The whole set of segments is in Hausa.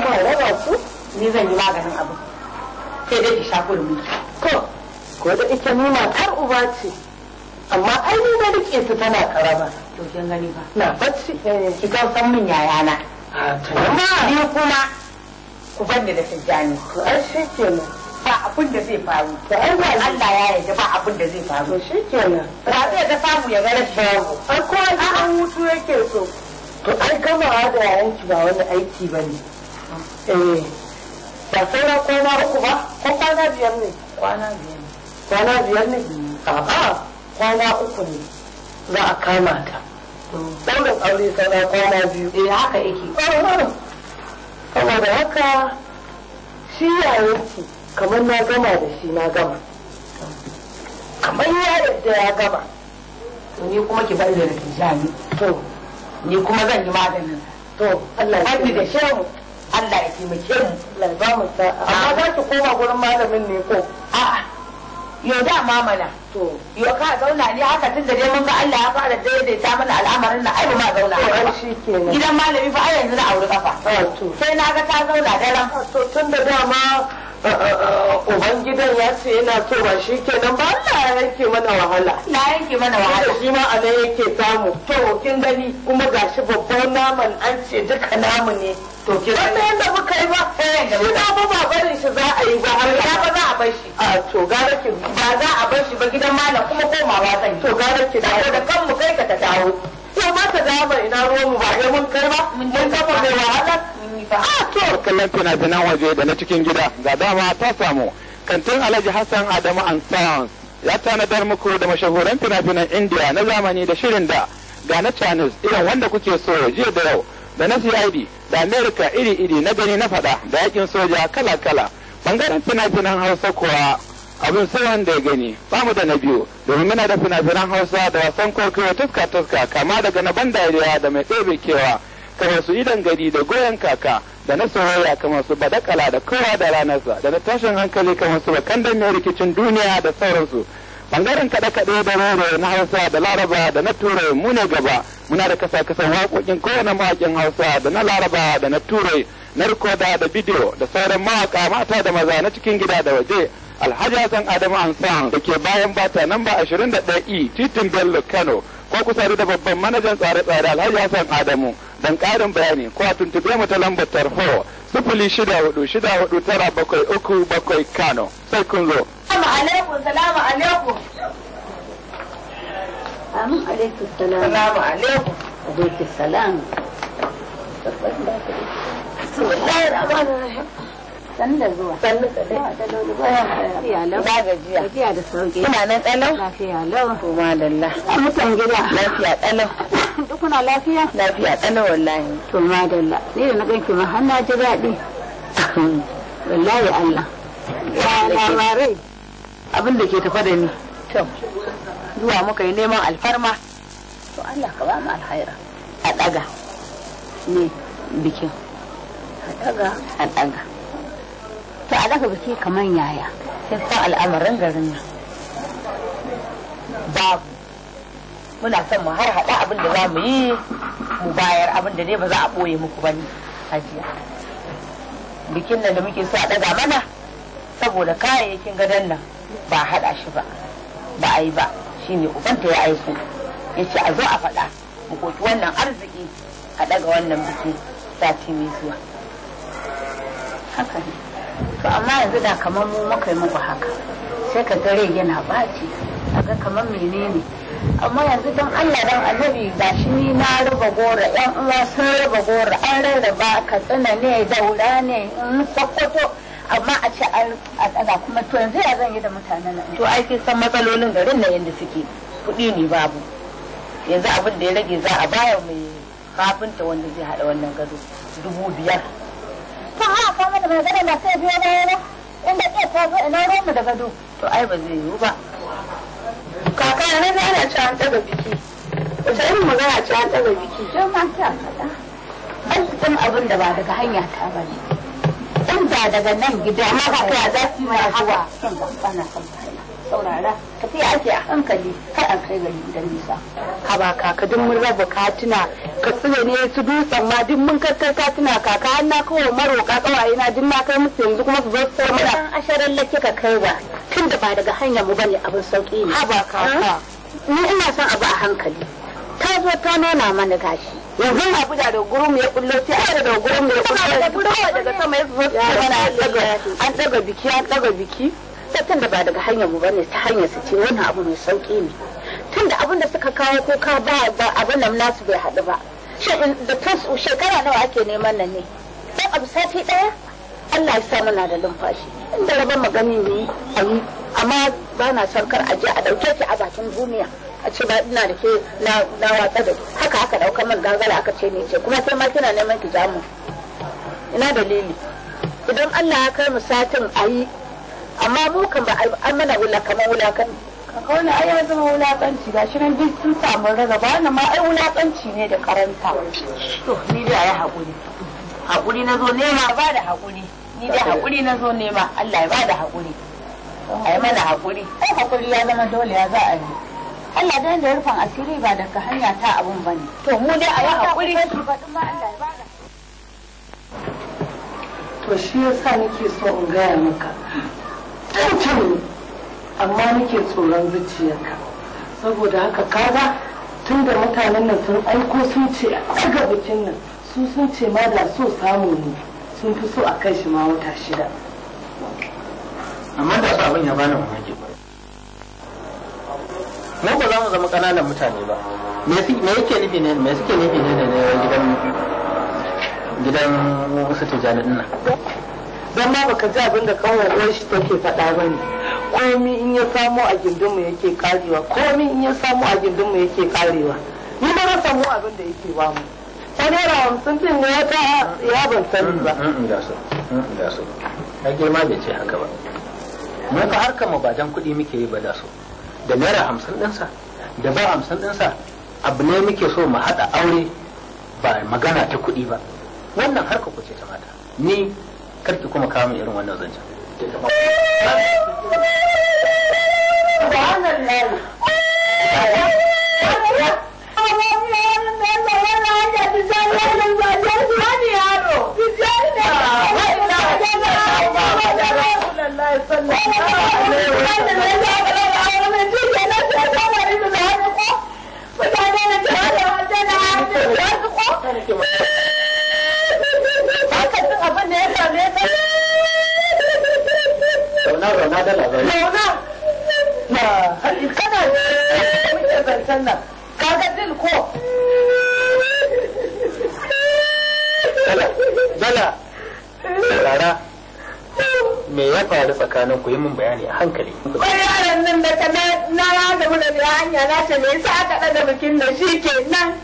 kuma ya raba ku ni zan yi maganin abu sai dai ki sha gurmi ko ko da ita ni kar uba ce amma ai ni na rike ta tana karama to kin gani ba na bacci eh, ki ga san min na amma ni kuma ku banni da tijani to ai kenan ba abun da zai faru da ai ba Allah ya yarda ba abun da zai faru to shikenan rabiya da samu ya ga rashin ai ko an hutu yake so to ai gama da yayanki ba wani aiki bane eh ba saura kwana uku ba ko kwana biyar ne kwana biyar ne kwana biyar ne kwana uku ne za a kama ta hmm. daurin aure saura kwana biyu eh haka yake saboda haka shi yayanki kamar na gama da shi na gama kamar ya yadda ya gama ni kuma ki bari da rikijani to ni kuma zan yi maganin to Allah ya da shehu Allah ya taimake mu Allah ba mu sa'a amma za ki koma gurin malamin ne ko a'a yau da mamana to yau ka zauna ni haka tun da dai mun ga Allah ya fara daidaita mana al'amarin na ai ma zauna gidan malami fa ai yanzu na auri kafa sai na ga ta zauna daren to tun da dama ubangidan ya ce yana so ba shi kenan ba Allah ya yanke mana wahala na yanke mana wahala shi ma a nan yake samu to kin gani kuma gashi babban naman an ce duka namu ne to kin gani yanda muka yi ba eh, shi da ba ba barin shi za a yi ba har ya ba za a bar shi a to gara ki ba za a bar shi ba gidan malam kuma komawa zan to gara ki da. da kanmu kai ka ta dawo ko ma ta dawo ina ruwan mu ba mun kai ba mun ba mai wahala ba. kallon fina-finan waje da na cikin gida ga dama ta samu. Kantin Alhaji Hassan Adamu and Sons ya tanadar muku da mashahuran fina-finan India na zamani da shirin da ga na Chinese irin wanda kuke so jiya da yau da na CID da America iri-iri na gani na fada da yakin soja kala-kala. Bangaren fina-finan Hausa kuwa abin sai wanda ya gani bamu da na biyu domin muna da fina-finan hausa da wasan kwaikwayo tuska-tuska kama daga na ban dariya da mai tsebe kewa kamar su idan gari da goyon kaka da na soyayya kamar su badakala da kowa da ranarsa da na tashin hankali kamar su bakandan mai rikicin duniya da sauransu bangaren kaɗe-kaɗe da roro na hausa da laraba da na turai mu ne gaba muna da kasa kasan waƙoƙin kowane mawaƙin hausa da na laraba da na turai na rikoda da bidiyo da sauran mawaƙa mata da maza na cikin gida da waje alhaji hassan adamu ansan da ke bayan bata namba 21 e titin bello kano ko kusa da babban manajan tsare-tsare alhaji hassan adamu dan ƙarin bayani ko a tuntube mu ta lambar tarho sifili shida hudu shida hudu tara bakwai uku bakwai kano sai kun zo. Salamu alaikum salamu alaikum. Amin alaikum salamu. Salamu alaikum. Alaikum salamu. Bismillahirrahmanirrahim. Sannu da zuwa. da zuwa. gajiya. da sauki. nan tsalau? Lafiya lau. madalla. Mutan gida. Lafiya tsalau. Duk kuna lafiya? Lafiya tsalau wallahi. To madalla. Ni da na ganki ma har na ji daɗi. Wallahi Allah. labarai. Abin da ke tafa da ni. To. Zuwa muka yi neman alfarma. To Allah ka ba mu alhaira. A Ne bikin. A A to a daga biki kamar yaya sai san al'amarin garin nan babu muna son mu har haɗa abin da za mu yi mu bayar abin da dai ba za a ɓoye muku ba ne hajiya bikin nan da muke so a ɗaga mana saboda kayayyakin gadon nan ba haɗa shi ba ba a yi ba shi ne ubanta ya aiko ya ce a zo a faɗa mu koki wannan arziki a ɗaga wannan biki sati mai zuwa haka ne to amma yanzu da kamar mu muka yi muku haka sai ka gare yana baci a ga kamar menene amma yanzu don Allah don annabi ba shi ni na raba gora yan uwa sun raba gora an rarraba ka tsina ne daura ne in kwakwato amma a ce a tsada kuma to yanzu ya zan yi da mutanen nan to ai sai san matsalolin garin na yanda suke kuɗi ne babu yanzu abin da ya rage za a bayar mai kafinta wanda zai haɗa wannan gado dubu biyar kan haɗa ka mata mai gadon ba sai biyo baya ba inda ke ta zo ina ruwan mu da gado to ai ba zai yiwu ba kaka na na ana ci an ɗaga biki wata irin magana ci an ɗaga biki don ma ta faɗa an san abin da ba daga hanya ta ba ne in ba daga nan gida ma ba ta za su yi mai hawa kan ba na kan saurara ka fi ake a hankali kai an kai gari da nisa ka ba kaka duk mun raba katina ka tsire ne su dutsen ma duk mun kakkar katina kaka har na kawo maroka kawaye na duk na kai musu yanzu kuma su zo su sai mana asharar lake ka kai ba tun da ba daga hanyar mu bane abin sauki ne ha ba kaka ni ina son abu a hankali ta zo ta nuna mana gashi yanzu na buga da gurum ya kullo sai aka da gurum ya kullo daga sama ya zo su mana an daga biki an daga biki gaskiya tun da ba daga hanyar mu bane ta hanyar su ce wannan abu mai sauki ne tun da abin da suka kawo ko ka ba ba abin nan nasu bai haɗu ba shin da tun shekara nawa ake neman nan ne sai abu sati daya Allah ya sa muna da lumfashi da rabon magani ne a amma ba na son a je a ɗauke ki a bakin duniya a ce ba ina da ke na watsa da haka haka ɗauka man gagara aka ce ne ce kuma sai ma kina neman ki jamu ina dalili idan Allah ya kai mu satin ayi. amma mu kan ba an mana wulakan wulakan kaka wani ai ya zama wulakanci ga shi nan duk sun samu raga ba na ma ai wulakanci ne da karanta to ni da ai hakuri hakuri na zo nema ba da hakuri ni da hakuri na zo nema Allah ya ba da hakuri ai mana hakuri ai hakuri ya zama dole ya za a yi Allah da yanda rufin asiri ba daga hanya ta abun bane to mu dai a yi hakuri ba din ma Allah ya ba da to shi yasa nake so in gaya maka cancan amma nake tsoron zuciyarka saboda haka kaga tun da mutanen nan sun aiko sun ce a daga bikin nan su sun ce ma da so samu ne sun fi so a kai shi ma wata shida amma da su abin ya bani mamaki ba mu ba za mu zama ƙananan mutane ba me yake nufi ne me suke nufi ne da gidan gidan wasu tijjani nan don ma baka ji abin da kawai shi take faɗa ba ne komi in ya samu a mu yake karewa komi in ya samu a mu yake karewa ni ba na samu abin da yake ba mu ta naira hamsin din ne wata ya ban sani ba mm, mm, mm, da da na girma bai ce haka ba mu ka harkar mu ba jan kuɗi muke yi ba da su da naira hamsin ɗinsa da ba hamsin ɗinsa abu ne muke so mu haɗa aure ba magana ta kuɗi ba wannan harka ku ce ta mata ni kar ki kuma kawo irin wannan zancen Thank you. na dala ba na kana wuce zancen nan kaga dil ko dala dala rara me ya faru tsakanin ku yi min bayani a hankali. Kwai yaran nan da ta na rada mu da biya hanya na ta me yasa aka ɗaga bikin da shi ke nan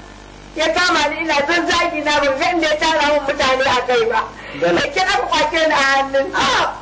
ya kama ni ina son zagi na ban san da ya tara mun mutane a kai ba. Da kira kwace ni a hannun. Ah!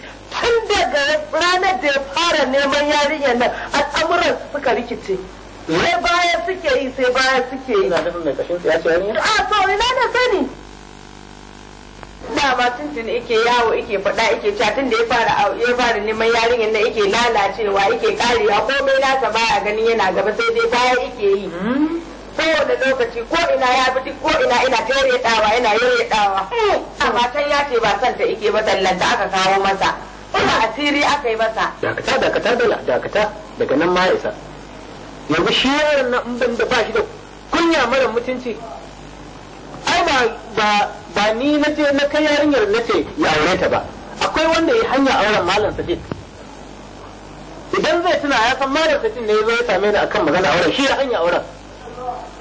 tun daga ranar da ya fara neman yarinyar nan al'amuran suka rikice sai baya suke yi sai baya suke yi ina da mai kashin siyasa ce a so ina da sani dama tuntun ike yawo ike faɗa ike cewa tun da ya fara ya fara neman yarinyar nan ike lalacewa ike karewa ko komai nasa baya ganin yana gaba sai dai baya ike yi hmm? kowane lokaci ko ina ya bi ko ina ina ta ina yana dawa hmm. amma can ya ce ba san ta ike ba sallanta aka kawo masa Kuna asiri aka yi masa. Dakata dakata dala dakata daga nan ma isa. Yanzu shi yaron na in da ba shi da kunya mara mutunci. Ai ba ba ba ni na je na kai yarinyar na ce ya aure ta ba. Akwai wanda ya hanya auren malam Sadiq. Idan zai tuna ya san malam Sadiq ne ya zo ya same ni akan magana auren shi ya hanya auren.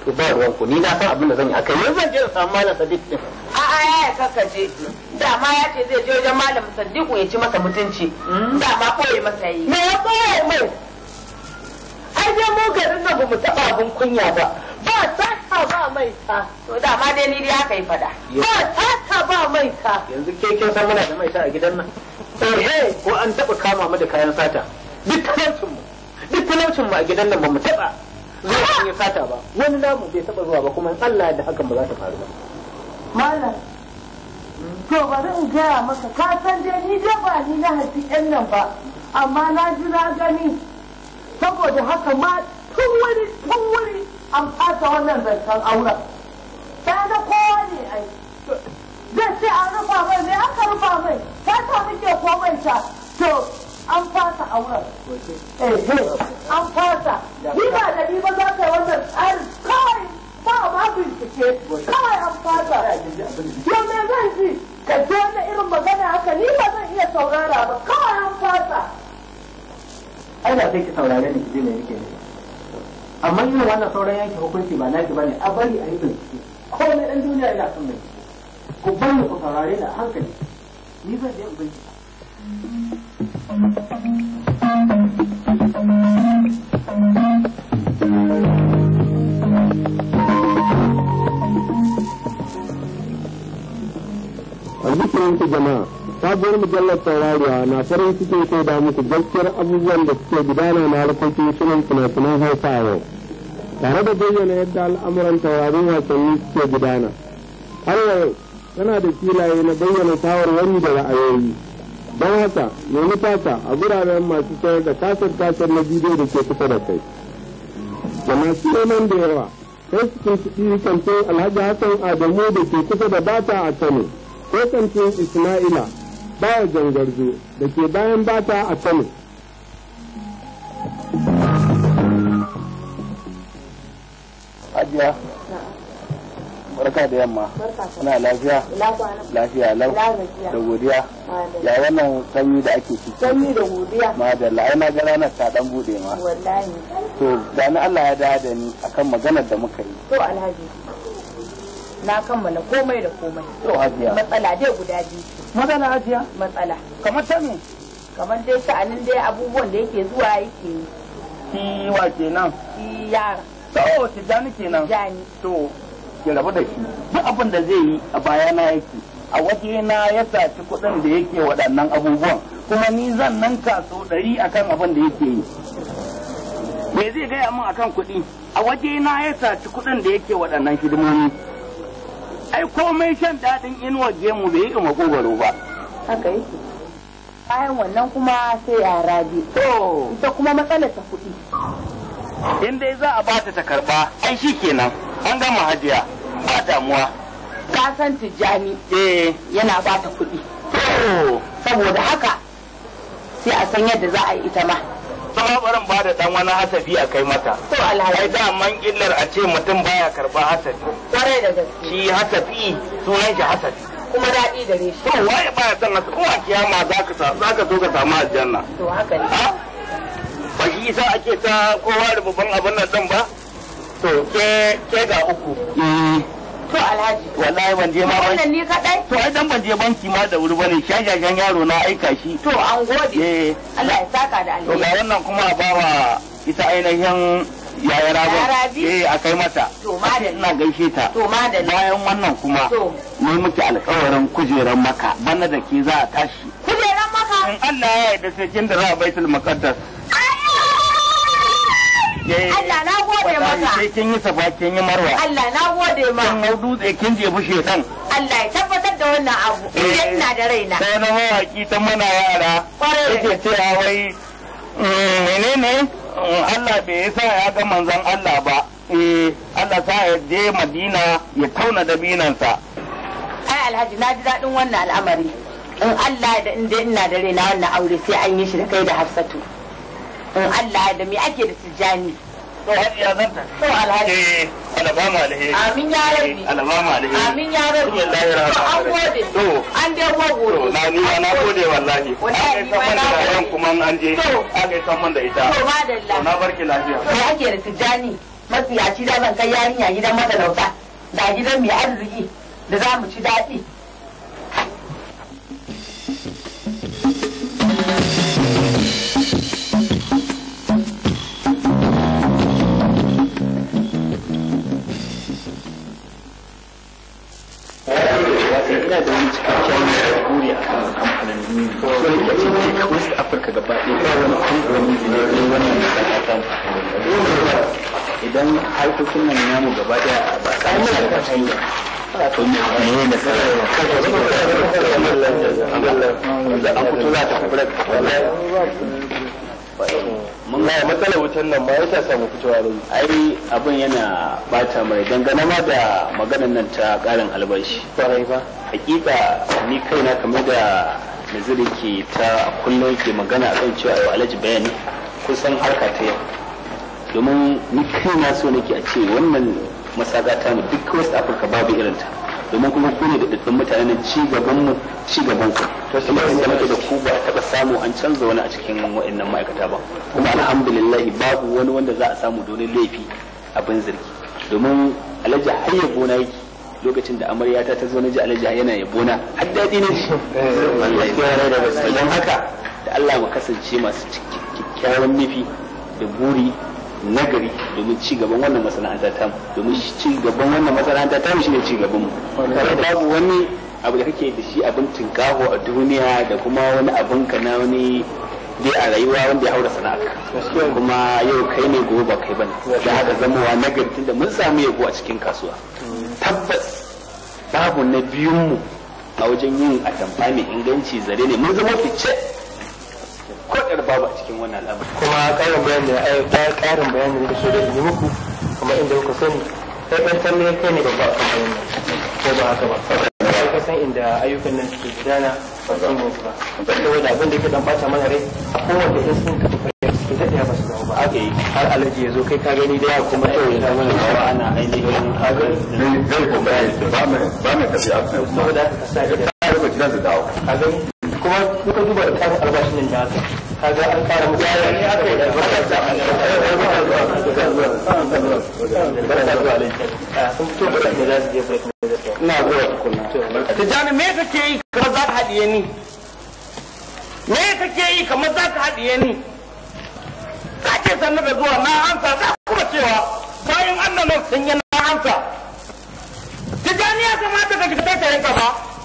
to ba ruwan ni na san abin da zan yi akai yanzu zan je in samu malam sadiq din a a ya kaka je dama ya ce zai je wajen malam sadiq ya ci masa mutunci hmm? dama koyi masa yi me ya koyi mai ai dai mu garin da bamu taba abin kunya ba ba tata ba mai ta to dama dai ni dai aka yi fada ba tata ba mai ta yanzu ke kin san muna da mai ta a gidan nan eh ko an taba kama mu da kayan sata duk talaucin mu duk talaucin mu a gidan nan bamu taba zai iya sata ba wani namu bai taba zuwa ba kuma Allah da hakan ba za ta faru ba malam to bari in gaya maka ka san dai ni dai ba ni na haifi ɗan nan ba amma na ji na gani saboda haka ma tun wani tun wani an fata wannan zancen auren ta na kowa ne ai zai ce an rufa mai me aka rufa mai ta ta muke komai ta to an fasa a Ehe, an fasa ni ba da ni ba za ka wannan tsarin kawai ba ma bincike kawai an fasa yau me zan ji ka je wani irin magana haka ni ba zan iya saurara ba kawai an fasa ai da sai ki saurare ni ki ji me yake amma irin wannan sauran yanke hukunci ba naki bane a bari a yi bincike ko ne ɗan duniya ina son bincike ku bari ku saurare ni a hankali ni zan je in bincike jama'a sabuwar mujallar tauraruwa na farin cikin ko da muku gaskiyar abubuwan da suke gudana na harkokin sunan fina-finan hausa a yau tare da bayyana yadda al'amuran taurarin wasanni suke gudana har yau tana da filaye na bayyana wani da ra'ayoyi don haka nemi tata a guraren masu sayar da kasar kasar na bidiyo da ke kusa da kai da masu neman da yawa sai su tuntuɓi kantin alhaji hassan adamu da ke kusa da bata a kano ko kantin ismaila baya jangarzo da ke bayan bata a kano barka da yamma kuna lafiya lafiya lau da godiya ya wannan sanyi da ake ciki sanyi da godiya ma da la'ai na ga ranar ta dan bude ma wallahi to da ni Allah ya dawo da ni akan maganar da muka yi to alhaji na kammala komai da komai to hajiya matsala dai guda biyu matsala hajiya matsala kamar ta me kamar dai sha'anin dai abubuwan da yake zuwa yake yi ki wa kenan ki yara to jani kenan jani to ki rabu da shi duk abin da zai yi a bayana yake a waje na ya saci kuɗin da yake waɗannan abubuwan kuma ni zan nan kaso ɗari a kan abin da yake yi me zai gaya min akan kuɗi a waje na ya saci kuɗin da yake waɗannan hidimomi ai komai shan daɗin inuwar gemu bai yi makogwaro ba haka yake bayan wannan kuma sai a rabi to ita kuma matsalar ta kuɗi in dai za a bata ta karɓa ai shi kenan an gama hajiya ba damuwa Ka san tijjani eh yana ba ta kuɗi saboda haka sai a san yadda za a yi ita ma sama barin ba da dan wani hasafi a kai mata to alhaji man illar a ce mutum baya karba hasafi kwarai da gaske shi hasabi sunan shi hasafi kuma daɗi gare shi to ba baya san hasabi kuma kiyama za ka zo ka samu aljanna to haka ne ba shi yasa ake ta kowa da babban abin nan ba to ke ke ga uku eh. to alhaji wallahi ban je ma wannan ni kadai to ai dan ban je banki ma da wuri bane shashashan yaro na aika shi to an gode eh Allah ya saka da alheri to ga wannan kuma a bawa ita ainihin yaya rabi eh a kai mata to madalla ina gaishe ta to madalla bayan wannan kuma To. ne miki alƙawarin kujeran maka bana da ke za a tashi kujeran maka in Allah ya yarda sai kin da za a baitul maqaddas Allah na gode maka. Sai kin yi safa kin yi marwa. Allah na gode ma. Kin hau dutse kin jefi shekan. Allah ya tabbatar da wannan abu. Eh. Idan ina da raina. Sai na mawaki ta mana yara. Kwarai. Yake a wai mm, menene mm, Allah bai sa ya ga manzon Allah ba. Eh, Allah sa ya je Madina ya tauna da binansa. Ai Alhaji na ji daɗin wannan al'amari. In Allah da inda ina da raina wannan aure sai an yi shi da kai da Hafsatu. in Allah da me ake da tijjani to hajiya zan ta to alhaji eh alabama alheri amin ya rabbi alabama alheri amin ya rabbi billahi rahmani an gode to an dai gode to na ni na gode wallahi wallahi ni ma na gode kuma an je aka yi samman da ita to madalla na barki lafiya to ake da tijjani matsiyaci da zan kai yarinya gidan matalauta da gidan mai arziki da za mu ci daɗi ina da wani cikakken buri a kan kamfanin duniya wani ita ce ne ka wasu afirka gaba ɗaya wani wannan masana'antar idan harkokin nan namu gaba ɗaya ba na sarari da mun ga matsalar wutar nan ya sa samu fitowa da ai abin yana bata mai dangane ma da maganar nan ta karin albashi haƙiƙa ba hakika ni kaina kamar da naziri ke ta kullum ke magana a kan cewa yau alhaji bayani kusan harka ta yau domin ni kaina so nake a ce wannan masaga ta ne duk west afirka babu irin ta. domin kuma ku ne da dukkan mutanen ci gaban mu ci gaban ku kuma inda muke da ku ba taɓa samu an canza wani a cikin wa'annan ma'aikata ba kuma alhamdulillah babu wani wanda za a samu domin laifi abin zargi domin alhaji har ya gona yake lokacin da amaryata ta zo na ji alhaji yana yabo na har daɗi ne don haka da Allah mu kasance masu kyakkyawan nufi da buri nagari domin ci gaban wannan masana'anta ta mu domin ci gaban wannan masana'anta ta mu shine ci gaban mu babu wani abu da kake da shi abin tinkaho a duniya da kuma wani abin ka na wani dai a rayuwa wanda ya haura sana'a kuma yau kai ne gobe ba kai bane da haka zamowa nagari tunda mun samu yabo a cikin kasuwa tabbas babu na biyun mu a wajen yin atamfa mai inganci zare ne mun zama fice ko ɗan babu a cikin wannan al'amari kuma ƙarin bayani da ai ta ƙarin bayani da so da yi muku kuma inda kuka sani sai ɗan talle ya kai ne babba a kan wannan ko ba haka ba sai ka san inda ayyukan nan suke gudana ba san musu ba saboda abin da yake dan bata mana rai a kowace in sun kafa fayar suke daɗaya ba su dawo ba aka yi har alaji ya zo kai ka gani da yawa kuma yau ya zama da bawa ana ainihin agar zai kuma ba mai ba mai tafiya saboda haka ka sa idan ka rubuta da dawo ka gani kuma kuka duba da kayan albashin nan da haka kaga an fara musu ya yi aka yi da ina zuwa tukuna ta jani me kake yi kamar za ka haɗiye ni me kake yi kamar za ka haɗiye ni ka ce sannu da zuwa na amsa za kuma cewa bayan annanan sun yi na amsa ta jani ya kamata ka fita ta yanka ba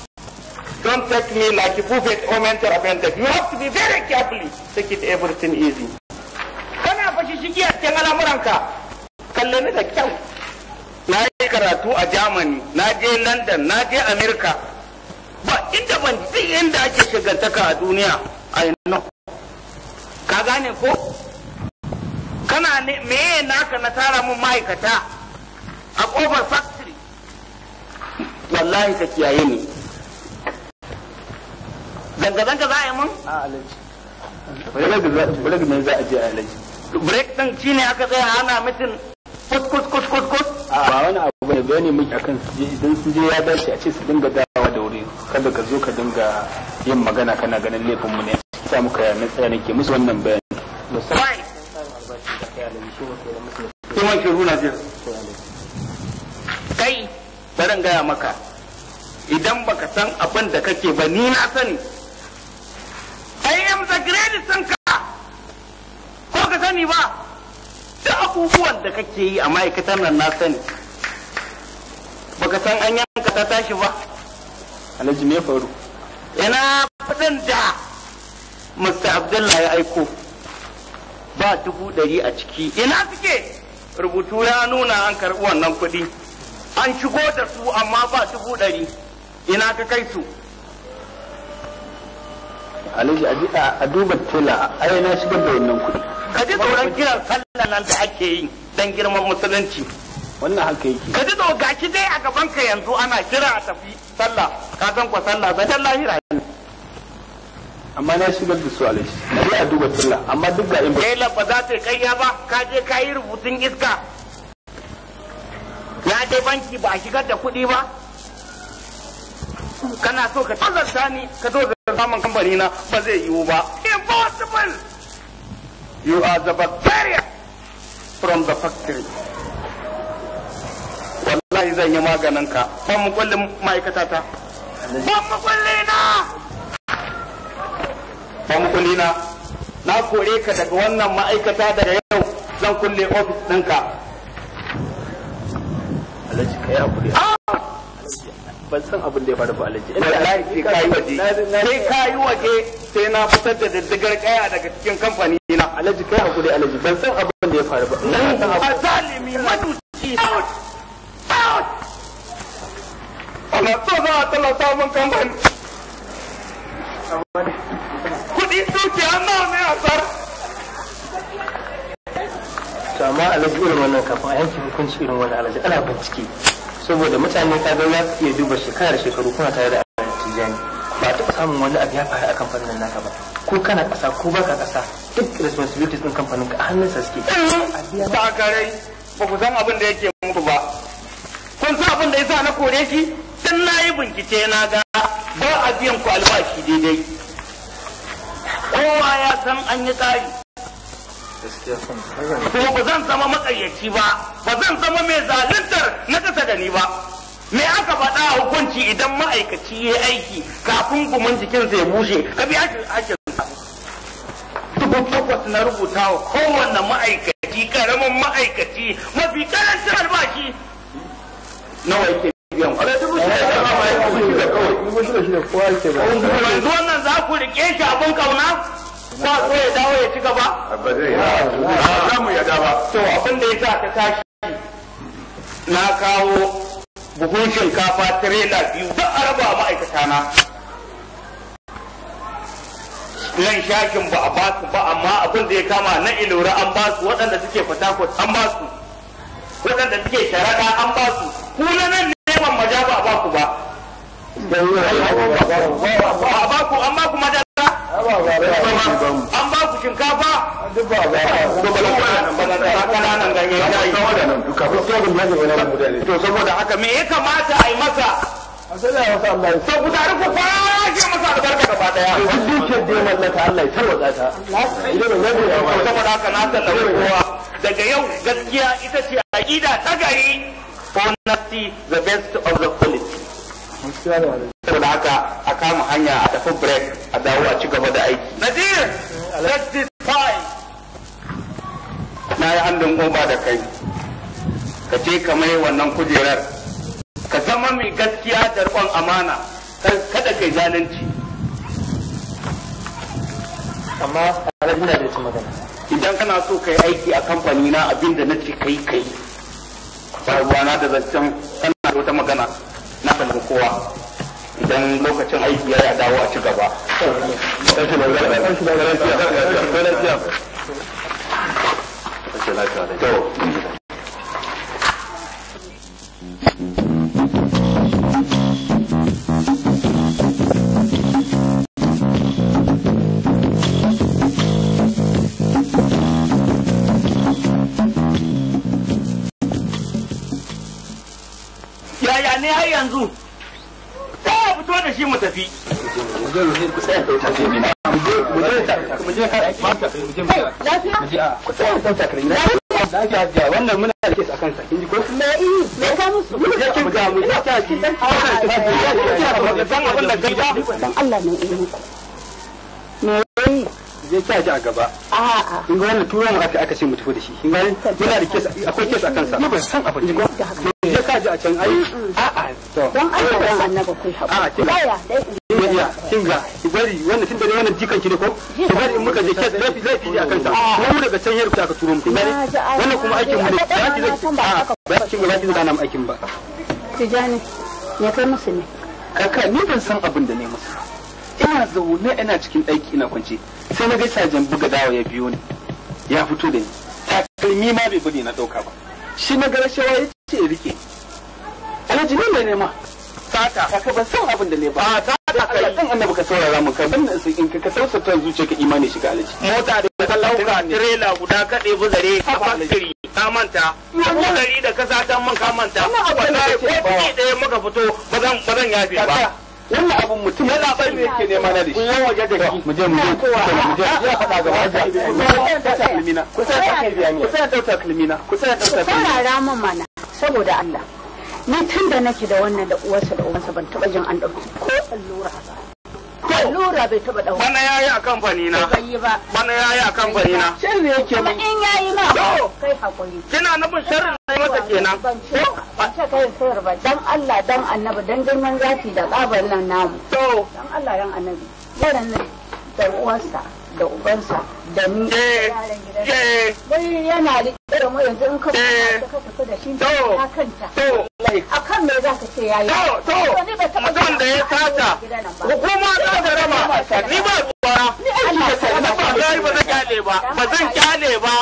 Don't take me like a buffet or mentor appendix. You have to be very carefully. Take it everything easy. Kana fashi shigi a cikin al'amuranka. Kalle ni da kyau. Na yi karatu a Germany, na je London, na je America. Ba inda ban duk inda ake shigantaka a duniya. I know. Ka gane ko? Kana ne meye naka na tara mun ma'aikata a kofar factory. Wallahi ka kiyaye ni. zanga-zanga za a yi mun? a alaji ne za a je a alaji break din shi ne aka tsaye ana mitin kus kus kus ba wani abu ne bayani miki akan su idan su je ya dace a ce su dinga dawa da wuri kada ka zo ka dinga yin magana kana ganin laifin mu ne sa muka na tsaya nake musu wannan bayani musamman kuma ke runa jiya kai barin gaya maka idan baka san abin da kake ba ni na sani I am the greatest thinker ko ka sani ba da abubuwan da kake yi a ma'aikatan nan na sani baka san an yanka ta tashi ba alhaji me faru ina kudin da Mr. Abdullah ya aiko ba dubu ɗari a ciki ina suke rubutu ya nuna an karɓi wannan kuɗi an shigo da su amma ba dubu ɗari ina ka kai su alhaji a duba tela ai na shigar da wannan kudi ka ji tsoron kiran sallah nan da ake yi dan girman musulunci wannan haka yake ka ji tsoron gashi dai a gaban ka yanzu ana kira a tafi sallah ka san kwa sallah dan lahira ne amma na shigar da su alhaji na yi a duba tela amma duk ga ba. kai ba za ta kai ya ba ka je ka yi rubutun iska ya je banki ba a shigar da kuɗi ba kana so ka tazarta ni ka zo samun kamfani na ba zai yiwu ba impossible you are the bacteria from the factory wallahi zan yi maganin ka ban mukullin ma'aikata ta ban mukulli na ban mukulli na na kore ka daga wannan ma'aikata daga yau zan kulle ofis ɗinka Alhaji kai hakuri ah! ban san abin da ya faru ba alaji da sai kai waje sai kai waje sai na fitar da diddigar kaya daga cikin kamfani na alaji kai hakuri alaji ban san abin da ya faru ba a zalimi maduci out out Allah so za a talata mun kamfani kuɗi dukiya na ne a to amma alhaji irin wannan kafin a yanke hukunci irin wannan alhaji ana bincike saboda mutane ka ga za su iya duba shekarar shekaru kuna tare da tijani ba ta samun wani abu ya faru a kamfanin naka ba ko kana kasa, ko baka kasa? duk responsibilities ɗin kamfanin ka a hannunsa suke eh, ba karai ba ku san abin da yake muku ba kun san abin da yasa na kore shi dan na yi bincike na ga ba a biyan ku albashi daidai kowa ya san an yi tsari to ba zan zama matsayyaci ba ba zan zama mai zaluntar na kasa da ni ba me aka faɗa a hukunci idan ma'aikaci ya aiki kafin gumin jikinsa zai bushe ka bi ake dubu takwas na rubuta wa kowanne ma'aikaci karamin ma'aikaci mafi karancin albashi nawa yake biyan kawai wannan za ku rike shi abin kauna sa ko ya dawo ya ci gaba ba za mu yada ba to abin da ya sa ka tashi na kawo buhun shinkafa tirela biyu ba a raba ma'aikata na nan shakin ba a ba su ba amma abin da ya kama na ilora an ba su waɗanda suke fatakot an ba su waɗanda suke sharaɗa an ba su kuna nan neman maja ba a ba ku ba ba a ba ku an ba ku maja an ba su shinkafa duk ba ganye to saboda haka me ya kamata a yi masa saboda rufe fara masa albarka gaba daya duk dukiyar da ya mallaka Allah ya tarwata ta saboda haka na tallafa kowa daga yau gaskiya ita ce aqida ta gari honesty the best of the quality saboda haka a kama hanya a tafi break a dawo a ci gaba da aiki nadir let's this na yi hannun goma da kai ka ce ka mai wannan kujerar ka zama mai gaskiya da riƙon amana kada kai zalunci amma da magana idan kana so ka yi aiki a kamfani na abinda na ce kai kai ba ruwana da zancen kana da wata magana kowa idan lokacin aiki ya dawo a ci gaba yaya ne har yanzu shi mu tafi wannan a a gaba wannan turan aka ce mutu da shi ga yana akwai kes a kansa za ji a can ai a'a to don Allah baya dai kin ga ki bari wannan wannan jikan ki ne ko ki bari in muka je kes laifi laifi akan mu daga can yar ka turo mu wannan kuma aikin mu ne ba ki zai ba ki ga ki aikin ba tijani kai musu ne kaka ni ban san abin da ne musu ina zaune ina cikin aiki ina kwance sai na ga sajan buga dawa ya biyo ni ya fito da ni takalmi ma bai bari na ɗauka ba shi na garashewa ya ce rike alhaji ne ne ma sata kaka ban san abin da ne ba a ah, sata kai dan annabi ka saurara mu ban in ka ta zuciya ka imani shiga alhaji mota da ta lauka trailer guda ka ɗebi zare a factory ka manta dubu da ka satan man ka manta wallahi ko muka fito ba zan ba zan yafe ba wannan abun mutum yana ne yake nema na dashi waje da ki mu je mu je mu je ya faɗa ga waje ku sai ta kalmina ku sai ta kalmina ku sai ta kalmina ku sai ta kalmina saurara mun mana saboda Allah ni tun da nake da wannan da uwarsa da uwarsa ban taba jin an dauki ko allura ba allura bai taba dauka bana yayi a kamfani na bai ba bana yayi a kamfani na shin ne yake mu in yayi ma kai hakuri kina nufin sharri ne mata kenan ban ce kai sayar ba dan Allah dan annabi dan girman zafi da kabar nan namu to dan Allah dan annabi yaran nan da uwarsa da ubansa da ni eh, yaran eh. yana da irin mu yanzu in ka eh. ka da shi ta kanta a kan me za ka ce yayi to to mutum da ya sata hukuma ta rama ni ba ni ba wallahi ba zai kyale ba ba zan kyale ba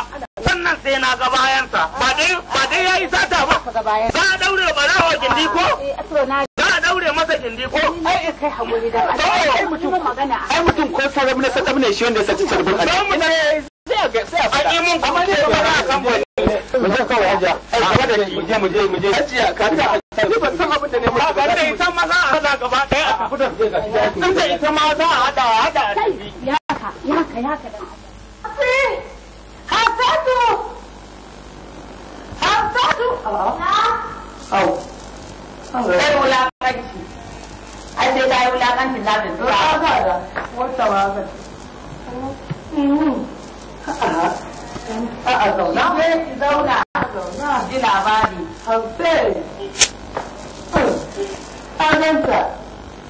sannan sai na ga bayansa ba dai ba dai yayi sata ba za a daure ba za a barawa gindi ko za a daure masa gindi ko ai kai hakuri da ai mutum magana ai mutum ko sarrafa ne sarrafa ne shi wanda ya saci sarrafa ne sai a sai a faɗa mun kuma ne ba za a san wani mu je kawai hajiya ai kuma da ki je mu je mu je hajiya ka ta ba san abin da ne mu ba ba san maza a hada gaba tun da ita ma za a hada hada ya ka ya ka ya ka da Hafsatu Hafsatu Au Kai wulakanci Ai sai ta yi wulakancin labin tura a kada wata wagan mm-hmm. A'a zauna mai zauna zauna ji labari Hafsatu Ananta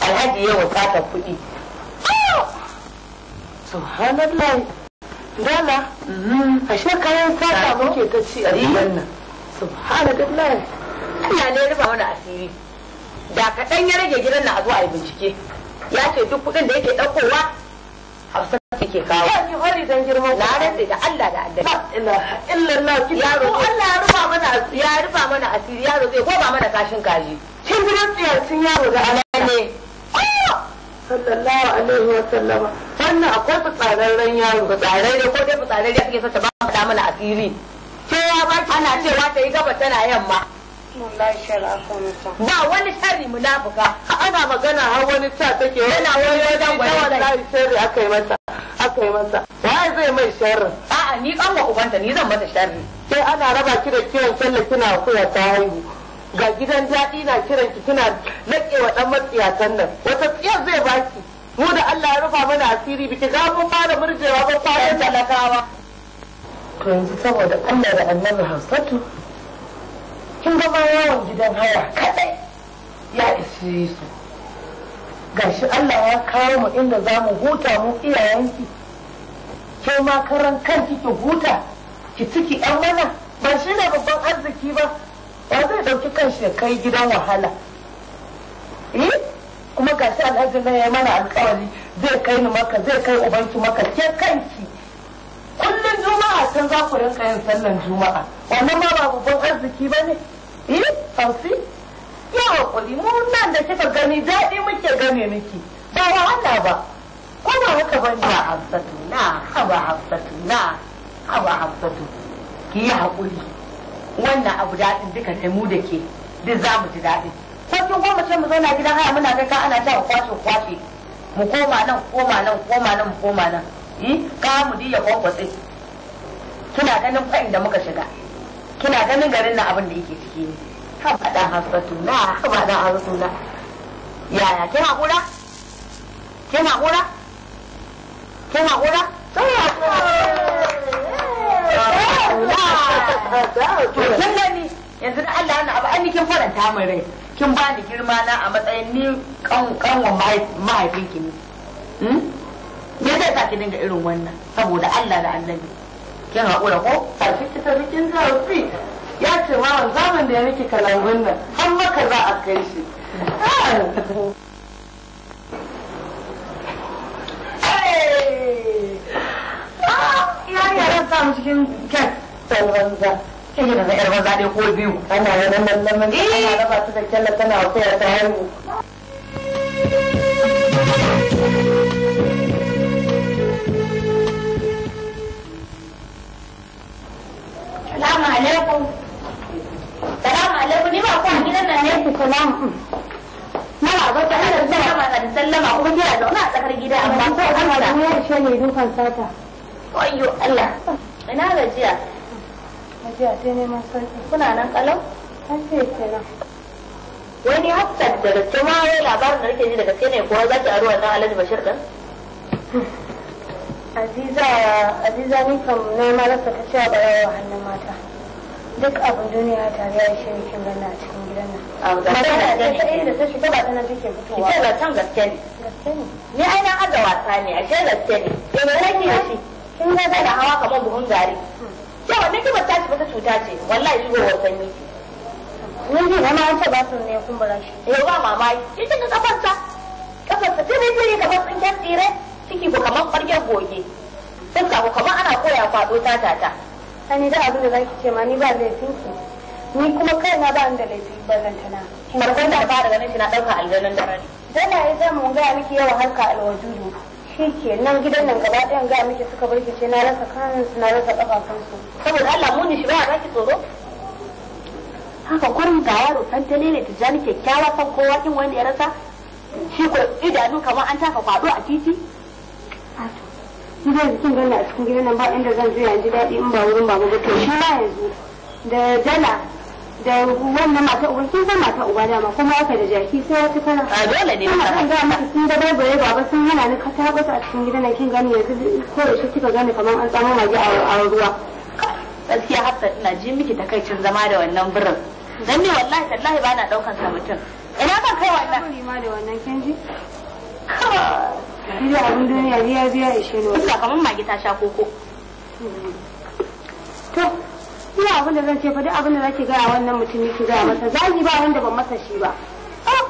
alhaji ya wasata kuɗi subhanallah dala ashe kayan sata muke ta ci a gidan nan subhanallah Ina ne riba wani asiri da kaɗan ya rage gidan nan a zuwa yi bincike ya ce duk kuɗin da yake ɗaukowa hausa take kawo ya ji hori don girman na rantse da Allah da Allah illa illa yaro Allah ya rufa mana ya rufa mana asiri yaro zai goba mana kashin kaji Cin gidan tsiyar sun yaro da Allah ne sallallahu alaihi wa sallama wannan akwai fitsararren yaro fitsararre ko dai fitsararre ake so ta ba ta mana asiri cewa ba ana cewa ta yi gaba tana yamma ba wani shari munafuka ana magana har wani ta take yana wani wajen gwanin kai sharri aka yi masa aka yi masa wai zai mai sharri a'a ni kanwa ubanta ni zan mata sharri sai ana raba ki da kiran sallah kina kuya ta haihu ga gidan daɗi na kiran ki kina laƙewa ɗan matsiyatan nan wata tsiyar zai baki mu da Allah ya rufa mana asiri biki ga mun fara murjewa ba kwanan talakawa to yanzu saboda Allah da annabi Hafsatu kin ga ma yawon gidan haya kadai ya isi su gashi Allah ya kawo mu inda zamu mu huta mu iyayenki ke ma karan kanki ki huta ki ciki yan mana ba shi ne babban arziki ba ba zai ɗauki kanshi ya kai gidan wahala eh kuma ga shi alhaji na ya mana alkawari zai kai ni maka zai kai ubanki maka ke kanki kullum juma'a sun za ku rinka yin sallan juma'a wannan ma ba babban arziki ba ne eh hausi ya hakuri mu nan da kika gani daɗi muke gane miki ba wahala ba kuma haka ba ne hafsatu na haba hafsatu na haba hafsatu ki yi haƙuri wannan abu daɗin duka da mu da ke duk za mu ji daɗin ko kin goma ce mu zauna gidan haya muna kai ka ana ta kwashe kwashe mu koma nan koma nan koma nan koma nan yi ka mu di ya kwakwatse kina ganin fa'in da muka shiga kina ganin garin na abin da yake ciki ne ha ba dan hasbatu na ha ba dan hasbatu na yaya kina hakura kina hakura kina hakura sai ya yanzu da Allah na abu ainihin faranta min rai kin ba ni girma na a matsayin ni kanwan mahaifinki ne me zai sa ki dinga irin wannan saboda Allah da annabi kin haƙura ko tafi ki tafi kin zarafi ya ce ma zaman da ya rike kalangun nan har maka za a kai shi sa cikin kek sau banza kike da ko biyu ana yanan nan nan ana raba su da kyalla tana wata ta haihu Salamu alaikum. Salamu alaikum. Ni ba ku a gidan nan ne ku salamu. Mala ba da sallama kuma kira zaune a tsakar gida amma ko an da ne dukan sata. wayo Allah ina gajiya gajiya sai neman sauki kuna nan kalau an ce kenan wani hafsat da gaske ma wai labarin da nake ji daga kene ne kuwa za ki aro wannan Alhaji Bashir din Aziza Aziza ni kam na ma rasa ta cewa ba yawa hannun mata duk abin duniya tare ya shi kin ganna a cikin gidan nan. Magana da ta da ta shiga ba tana take fitowa. Ki ce zaton gaske ne. Gaske ne. Ni ai na aga wasa ne, ashe gaske ne. Yau ne nake shi. in ya zai da hawa kamar buhun gari yau wannan kibar ta ci wata cuta ce wallahi shigowar sanyi mun ji wani an ba su ne kumbura shi yau ba mamaki shi cin ka kafarta? kafarsa tire tire kamar tsinken tsire ciki ko kamar ɓargen goge fuska ko kamar ana koya faɗo ta ta ta sani da abin da zaki ce ma ni ba laifin ki ni kuma kai na ba da laifi ballantana markon da ba da ganin shi na ɗauka aljanun dare dala ya zama mun gaya miki yawa harka alwajudu shi ke nan gidan nan gaba ɗayan ga miki suka na rasa kansu na rasa ƙafafunsu saboda Allah mu shi ba a baki tsoro haka kwarin ga yaro ta ne ta jani kyakkyawa san kowa kin wanda ya rasa shi ko idanu kamar an taka kwado a titi ni da cikin ganna a cikin gidan nan ba inda zan je yanzu daɗi in ba wurin babu ba to shi ma yanzu da jala da wannan mata uban kin san mata uba dama kuma aka da jaki sai wata kana a dole ne ma kan ga maka sun da babare baba sun hana ni kata tabbata a cikin gidan kin gani yanzu ko da shi kika gane kamar an tsamo magi a ruwa gaskiya hafsa ina ji miki takaicin zama da wannan birin dan ne wallahi tallahi ba na daukan sa mutum ina kan kai wannan ma da wannan kin ji Biya abin duniya biya biya ishe ne. Kusa kamar magi ta sha koko. To, ni abin da zan ce fa duk abin da zaki gaya wannan ne ki gaya masa zagi ba wanda ban masa shi ba ah!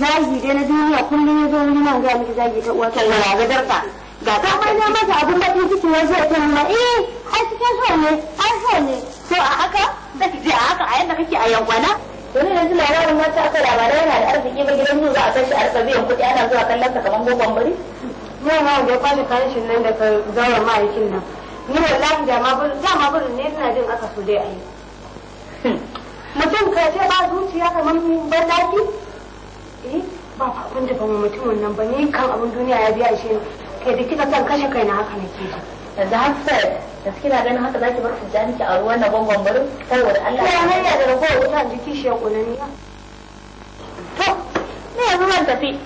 zagi dai na duniya kullum ya zo wuri nan gaya miki zagi ta uwata ya ga darka ga ta mai na masa abin da kike ya zai ta nuna eh ai cikin so ne ai so ne to a haka zaki je a haka a yadda kake a yankwana wani yanzu wannan mata aka labarai yana da arziki ba gidan yau za a tashi a rika biyan kuɗi ana zuwa kallon sa kamar gogon bari. Yau ma da kwali kayan nan da ka zaura ma'aikin nan. ni wallahi da ma burin da ma burin ne ina jin aka so dai ayi mutum ka ce ba zuciya kamar ban daki eh ba abin da ban mutum wannan ba ni kan abun duniya ya biya shi kai da kika san kashe kai na haka nake ji yanzu har sai da suke na ganin haka zaki bar fujani ki a ruwan na gongon barin saboda Allah ya hanya da ragowar wuta jiki shi ya kunaniya to ne yanzu zan tafi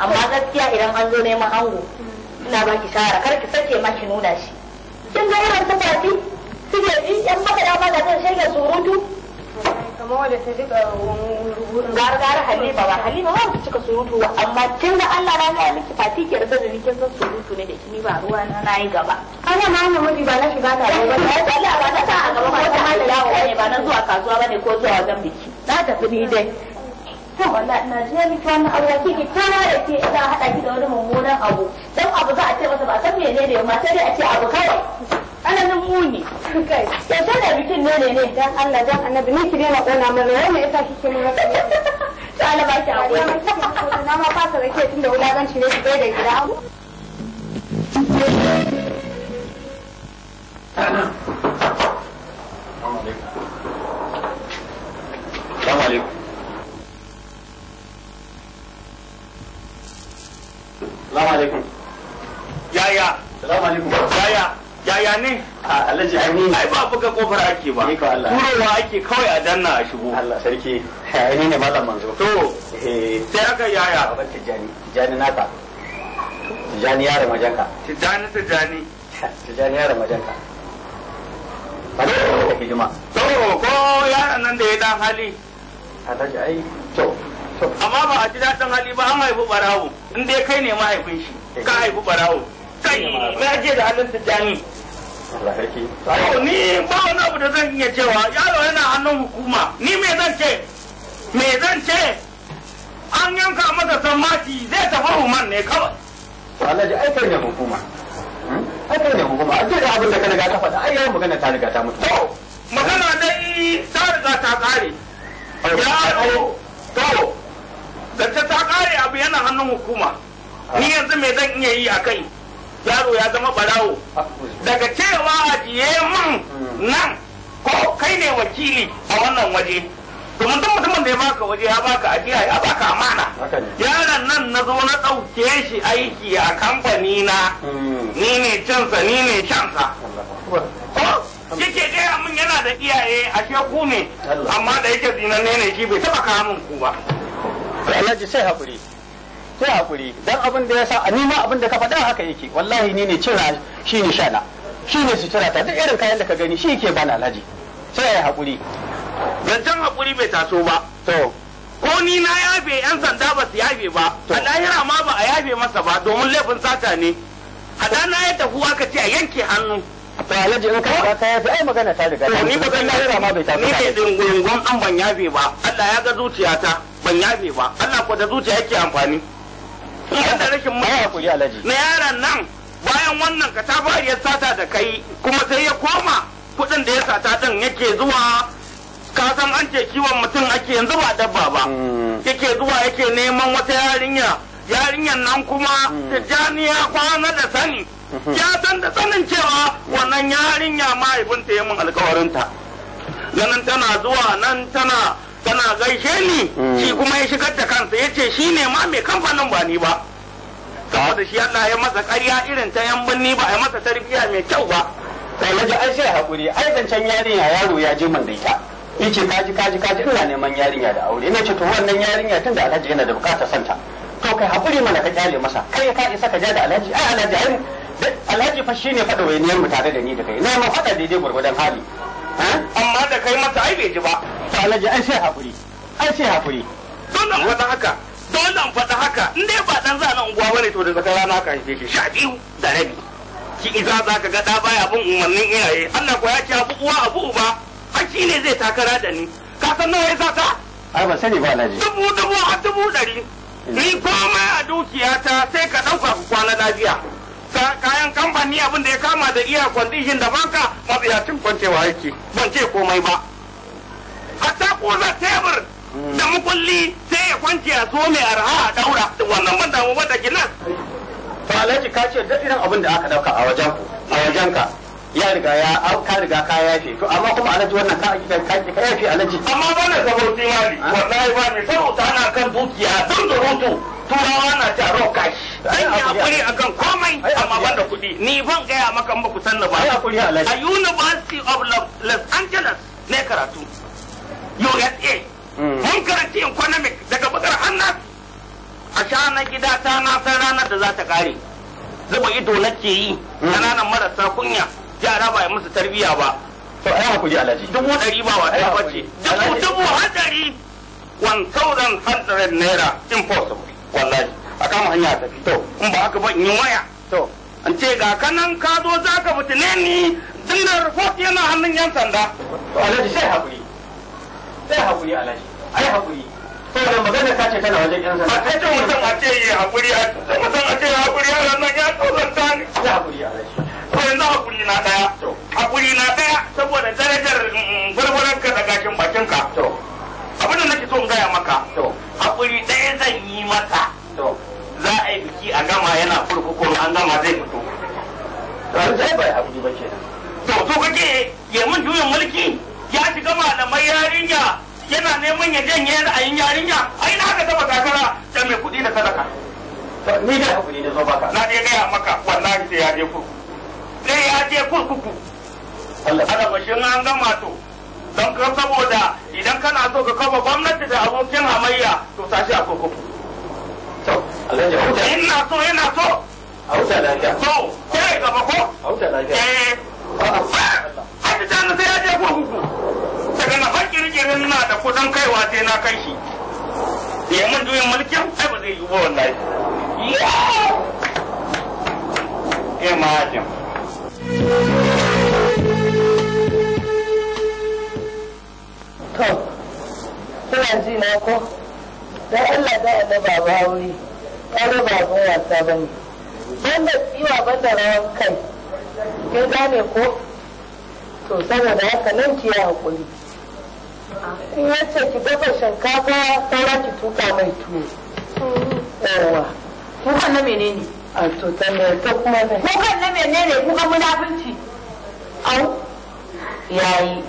amma gaskiya idan an zo neman ango ina baki shawara kar ki sake ma ki nuna shi kin ga irin su baki suke ji yan maka dama da zan shirya surutu kamar wanda ta ji gargar halima ba halima ba su cika surutu ba amma kin ga Allah na gaya miki fati ke da sanin kin san surutu ne da kini ba ruwa na nayi gaba ana ma mu miji ba na shiga ta ba ba Allah ba na ta a gaba ba ta da dawo ne ba na zuwa kasuwa ba ne ko zuwa wajen biki na tafi ni dai to wallahi ina ji miki wannan abu ya kike tana da ce ina hada ki da wani mummunan abu dan abu za a ce masa ba san menene ne ma sai a ce abu kawai alamin muni kai ya san da bikin ne ne ne dan Allah dan annabi ni ki daina kona min rai ne ita kike mun rasa ta Allah ba ki hakuri na ma fasa rake tunda wulaganci ne ki bai da gida abu Assalamu alaikum. Assalamu alaikum. Salamu alaikum. Yaya. Salamu alaikum. Yaya. Yaya ne? A Alhaji Aminu. Ai ba buga kofar ake ba. Ni ko Allah. Turowa ake kawai a danna a shigo. Allah sarki. Ni ne malam manzo. To. Eh. Sai aka yaya. Baban Tijjani. Tijjani naka. Tijjani ya ramajanka. Tijjani Tijjani. Tijjani ya ramajanka. Ba da hidima. To ko yaran nan da ya dan hali. Alhaji ai. To. amma ba a ji daɗin hali ba an haifi barawo in dai kai ne mahaifin shi ka haifi barawo kai na je da halin tijjani ni ba wani abu da zan iya cewa yaro yana hannun hukuma ni me zan ce me zan ce an yanka masa sammati zai tafi human ne kawai alhaji ai kai ne hukuma hmm? ai kai ne hukuma a ce da abin da ka riga ka faɗa ai yayin magana ta riga ta mutu to magana dai ta riga ta tsare yaro to zance ta kare abu yana hannun hukuma ni yanzu me zan iya yi a kai yaro ya zama barawo daga cewa ajiye mun nan ko kai ne wakili a wannan waje domin duk mutumin da ya baka waje ya baka ajiya ya baka amana yaron nan na zo na ɗauke shi aiki a kamfani na ni hmm. ne cinsa ni ne cansa kike gaya min yana da iyaye a ku ne amma da yake zinanne ne shi bai taɓa kawo ku ba to ji sai hakuri sai hakuri dan abin da ya sa ni ma abin da ka faɗa haka yake wallahi ni ne cira shi ne shana shi ne su sutura ta duk irin kayan da ka gani shi ke bana laji sai ya hakuri zancen hakuri bai taso ba to ko ni na yabe yan sanda ba su yabe ba a lahira ma ba a yabe masa ba domin laifin sata ne hada na ya tafi ka ce a yanke hannu to alhaji in ka ka yafe ai magana ta riga ni ba zan lahira ma bai taso ni ne dingungun an ban yabe ba Allah ya ga zuciyata ban yafe ba Allah ko da zuciya yake amfani yadda rashin mai alaji na yaran nan bayan wannan ka ta bari ya sata da kai kuma sai ya koma kuɗin da ya sata din yake zuwa ka san an ce kiwon mutum ake yanzu ba dabba ba mm. yake zuwa yake neman wata yarinya yarinyar nan kuma mm. ya kwana da sani mm-hmm. ya san da sanin cewa wannan yarinya mahaifinta ya mun alkawarinta ganin tana zuwa nan tana tana gaishe ni mm. shi kuma ya shigar da kansa ya ce shi ne ma mai kamfanin ba ni ba saboda shi yana ya masa karya irin ta yan birni ba a masa tarbiyya mai kyau ba sai na ai sai hakuri ai zancen yarinya yaro ya je mun yace kaji kaji kaji ina neman yarinya da aure ina ce to wannan yarinya tunda Alhaji yana da bukatar santa to kai hakuri mana ka kyale masa kai ka isa ka ja da Alhaji ai Alhaji ai Alhaji fa shine fada mu tare da ni da kai na ma fada daidai gwargwadon hali amma da kai masa ai bai ji ba to alhaji ai sai hakuri ai sai hakuri don nan faɗa haka don nan faɗa haka in dai ba dan zanen unguwa bane to da zakar rana ka yi shi sha biyu da rabi ki iza za ka ga ɗa baya bin umarnin iyaye Allah ko ya ce abu uwa abu uba hakki ne zai takara da ni ka san nawa ya zata ai ban sani ba alhaji dubu dubu a dubu ɗari ni komai a dukiyata sai ka ɗauka ku kwana lafiya kayan kamfani abin da ya kama da iya kwandishin da baka matsiyacin kwancewa yake ban ce komai ba hatta kusa tebur hmm. da mukulli sai ya kwanci a zo mai arha a daura wannan ban damu ba da gilas ta alhaji ka ce duk irin abin da aka dauka a wajen ku a wajen ka ya riga ya ka riga ka yafe to amma kuma alaji wannan ka ka ka yafe alaji amma wannan sabon wani ah. wallahi ba ne sai uta ana kan dukiya don da hutu turawa na ta roka shi ai akuri akan komai amma banda kudi ni ban ga ya maka ba ku sanna ba a University of Los Angeles ne karatu USA hmm. mun karanci economic daga bakar hannas a shana gida ta na san ranar da za ta kare zuba ido nake yi hmm. ƙananan marasa kunya yara ba musu tarbiya ba to ai ji alaji dubu ɗari ba wa ɗaya bace dubu dubu hadari one thousand hundred naira impossible wallahi a kama hanya ta tafi to in ba haka ba in waya to an ce ga kanan ka zo za ka ne ni Tunda report yana hannun yan sanda to alaji sai hakuri sai hakuri alaji ai hakuri da magana ta ce tana wajen yan sanda ba ce mutum a ce yi hakuri a mutum a ce hakuri a nan ya tozanta ne sai hakuri alaji ko yanzu hakuri na daya hakuri na daya saboda darajar mm, gwargwaron ka da gashin bakin ka abin da nake so in gaya maka hakuri daya zan yi maka za a yi biki a gama yana kurkukun an gama zai fito zai bai hakuri ba kenan to to kake yamin juyin mulki ya shiga malamai yarinya yana neman ya janye ra'ayin yarinya ai na ka taba kakara da mai kuɗi da sadaka ni da hakuri da zo baka na dai gaya maka wallahi sai ya je kurkuku sai ya je kurkuku alabashin an gama to don ka saboda idan kana so ka kafa gwamnati da abokin hamayya to tashi a kurkuku ina so ina so a wuta gaba ko a wuta lafiya eh ah, ah. Ah, a ya je kurkuku daga na na da kusan kaiwa sai na kai shi da Yeah! kuna ji na ko dan Allah da Allah ba ba wuri kare ba ba wasa bane banda tsiwa banda rawan kai kin gane ko to saboda haka nan ki ya hakuri in ki dafa shinkafa saura ki tuka mai tuwo yawa na menene a to ta kuma ne kukan na menene munafunci au yayi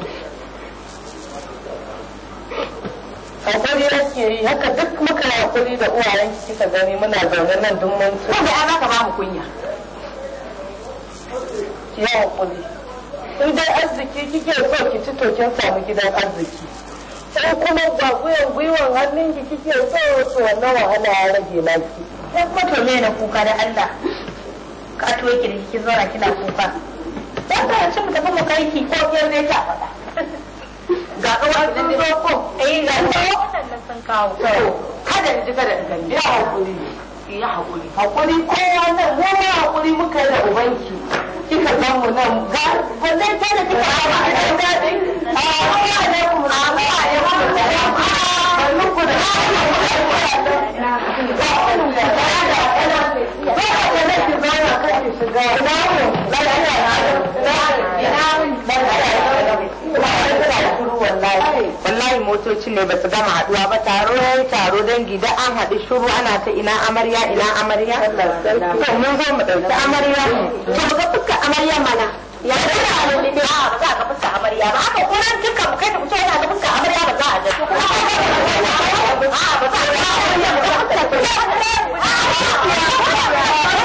hakuri ake yi haka duk muka hakuri da uwayen ki kika gani muna zaune nan duk mun ci wanda ai baka ba mu kunya ki ya hakuri in dai arziki kike so ki ci to kin samu gidan arziki sai kuma ba guyan gwiwan hannun ki kike so to wannan wahala ya rage laki sai kuma to na kuka da Allah ka to yake da kike zauna kina kuka Ba ka ci mu tafi mu kai ki ko kin ne ta faɗa ga kawar sun ji ko eh ga sannan sun kawo kada in ji kada in gani ya hakuri ya hakuri hakuri kowa nan mu ma hakuri muka yi da ubanki kika san mu nan ga ta da kika hawa a cikin dadi a hawa ne ku mu hawa ne ku mu da wannan ku da na ku da da da da da da da da da da da da da da da da layin motocin ne su gama haduwa ba taro ya yi taro dangi da an haɗu shuru ana ta ina amarya ina amarya to mun zo mu ɗauki amarya to ga fuskar amarya mana ya ga da ne ba za ka fuskar amarya ba koran duka mu kai da mutum yana da fuskar amarya ba za a ga a ba za a ga amarya ba za a ga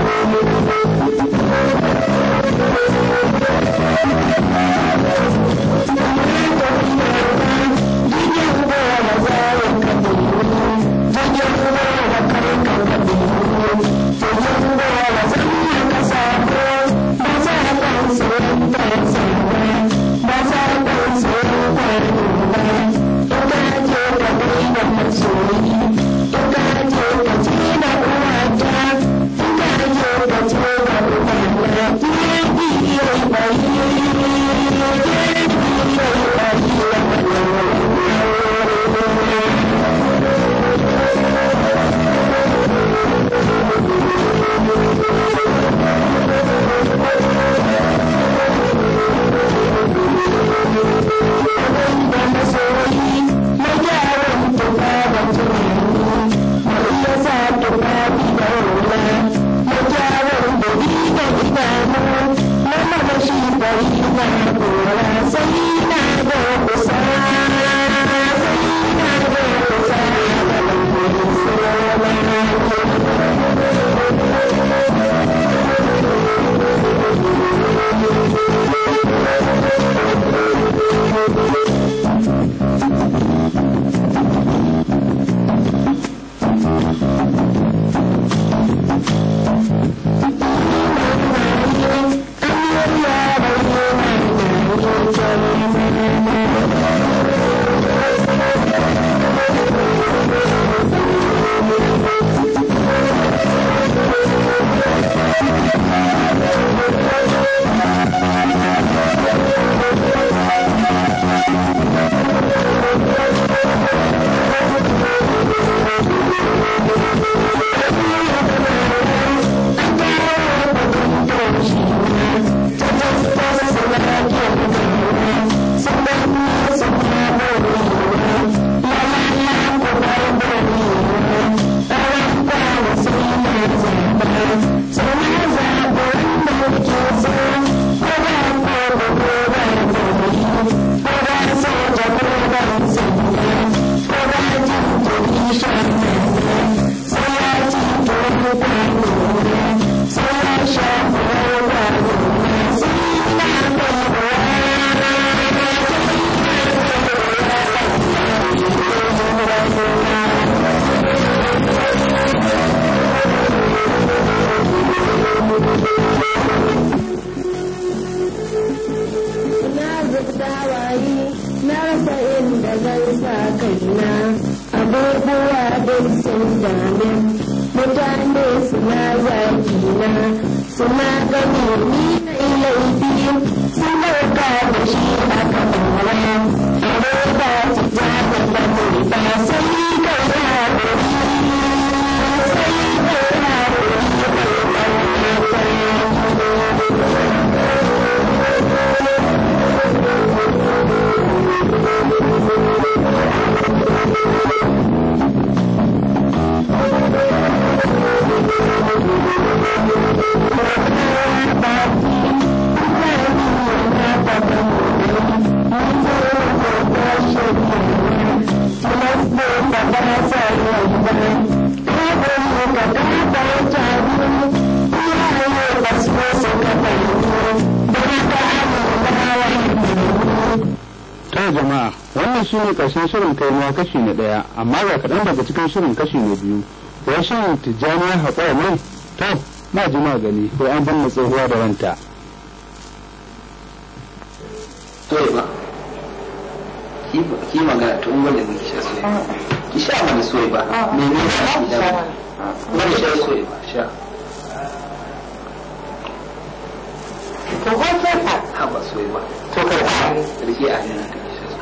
Thank you. jama'a wannan shi ne ƙarshen shirin kaimuwa kashi na ɗaya amma ga kaɗan daga cikin shirin kashi na biyu ya shi tijjani ya haƙura ne to na ji ma gani ko an binne tsohuwa da ranta. Tsohuwa ki magana tun wanda muke sha soyayya ah. ki sha mana ba ah. me ne ya ki da mu sha soyayya sha to ko ka haba ba to ka rike a nan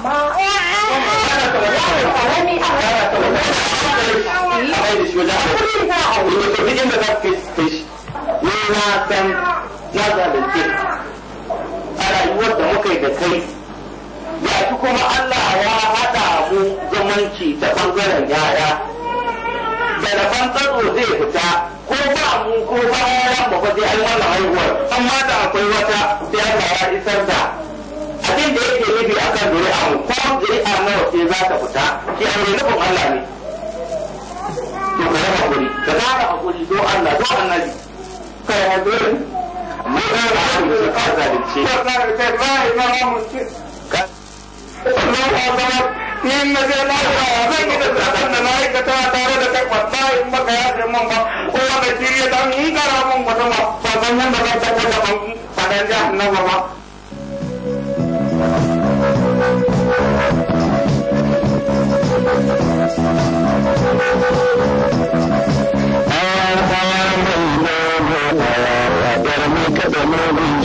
amma na san na a rayuwar da muka yi da kai ya kuma Allah ya haɗa mu zamanci ta ɓangaren yaya da rabon zai fita ko ba mu ko ba wannan haihuwar amma da akwai wata sai ya isar abin da yake nufi a kan zuri'a mu ko zuri'a nawa ce za ta fita shi aure nufin Allah ne to ka hakuri ka kara hakuri zo Allah zo annabi ka yi hakuri amma ka yi hakuri ka ka zalunce ka yi hakuri ka zalunce in na zai lafiya zan yi da zaɓen da na aikata tare da kai wata in baka ya ce mun ba ko wanda shirya dan yi kara mun wata ba ban yanda ban tabbata ban fadan jihar nan ba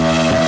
Thank